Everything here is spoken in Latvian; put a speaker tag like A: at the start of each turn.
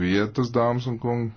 A: vietas, dāmas un kungi.